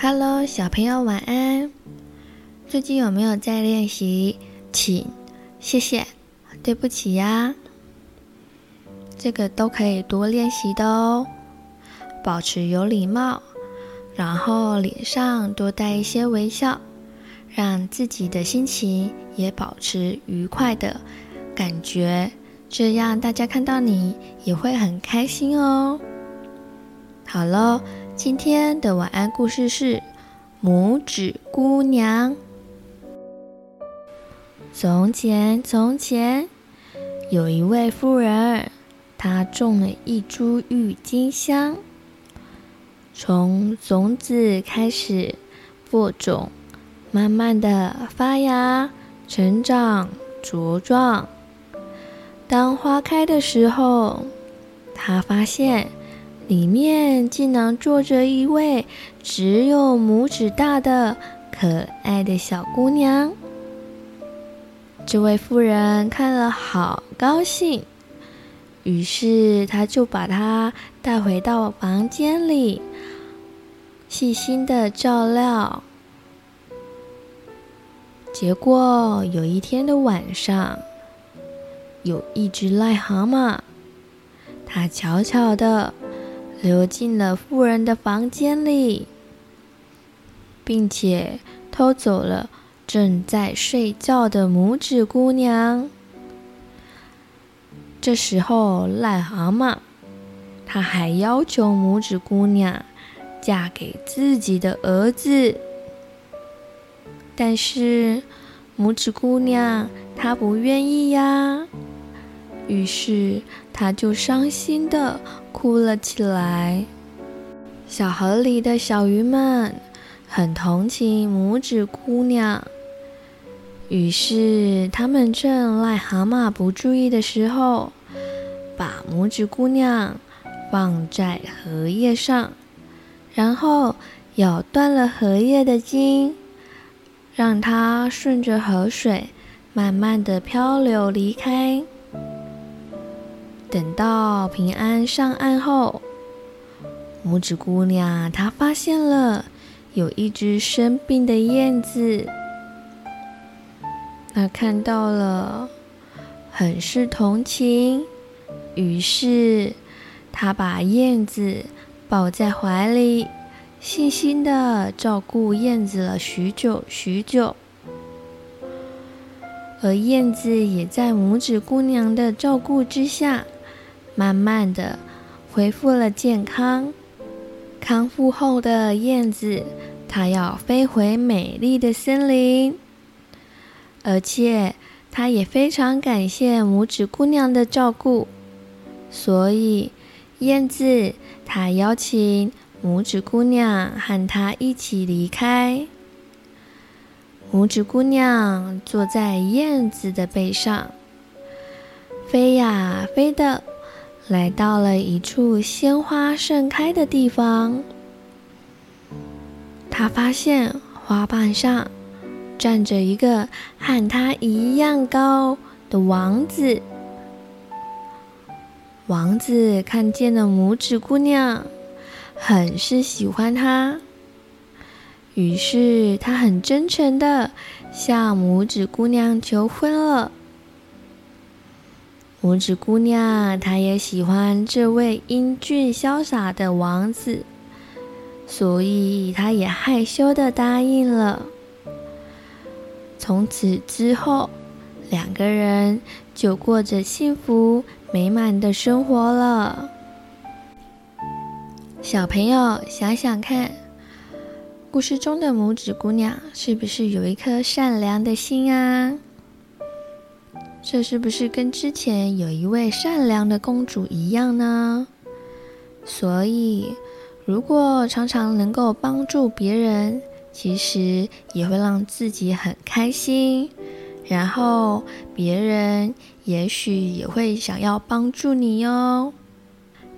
哈嘍，Hello, 小朋友晚安。最近有沒有在練習？請，謝謝，對不起呀、啊。這個都可以多練習的哦，保持有禮貌，然後臉上多帶一些微笑，讓自己的心情也保持愉快的感覺，這樣大家看到你也會很開心哦。好嘍。今天的晚安故事是《拇指姑娘》。從前，從前，有一位婦人，她種了一株鬱金香，從種子開始播種，慢慢的發芽、成長、茁壯。當花開的時候，她發現，裡面竟然坐着一位只有拇指大的可愛的小姑娘。這位婦人看了好高興，於是她就把她帶回到房間裡，細心的照料。結果有一天的晚上，有一只癩蛤蟆，它悄悄的。溜進了富人的房間裡，並且偷走了正在睡覺的拇指姑娘。這時候，癩蛤蟆他還要求拇指姑娘嫁給自己的兒子，但是拇指姑娘她不願意呀。於是，他就傷心地哭了起來。小河裡的小魚們很同情拇指姑娘，於是他們趁癩蛤蟆不注意的時候，把拇指姑娘放在荷葉上，然後咬斷了荷葉的莖，讓它順着河水慢慢地漂流離開。等到平安上岸後，拇指姑娘她發現了有一隻生病的燕子，她看到了，很是同情，於是她把燕子抱在懷裡，細心的照顧燕子了許久許久，而燕子也在拇指姑娘的照顧之下。慢慢的恢復了健康，康復後的燕子，它要飛回美麗的森林，而且它也非常感謝拇指姑娘的照顧，所以燕子它邀請拇指姑娘和它一起離開。拇指姑娘坐在燕子的背上，飛呀飛的。來到了一處鮮花盛開的地方，他發現花瓣上站着一個和他一樣高的王子。王子看見了拇指姑娘，很是喜歡她，於是他很真誠的向拇指姑娘求婚了。拇指姑娘，她也喜歡這位英俊瀟灑的王子，所以她也害羞地答應了。從此之後，兩個人就過着幸福美滿的生活了。小朋友，想想看，故事中的拇指姑娘是不是有一顆善良的心啊？這是不是跟之前有一位善良的公主一樣呢？所以，如果常常能夠幫助別人，其實也會讓自己很開心。然後，別人也許也會想要幫助你喲。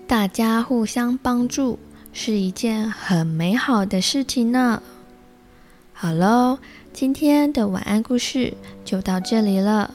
大家互相幫助是一件很美好的事情呢。好嘍，今天的晚安故事就到這裡了。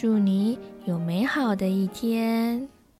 祝你有美好的一天。